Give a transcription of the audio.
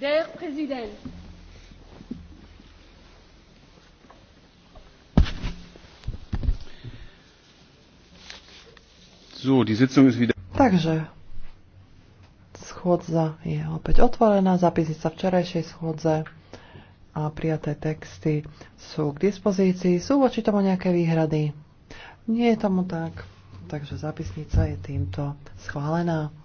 Der Präsident. So, die Sitzung ist wieder. Takže schôdza je opäť otvorená, sa včerajšej schôdze a prijaté texty sú k dispozícii. Sú voči tomu nejaké výhrady? Nie je tomu tak, takže zapisnica je týmto schválená.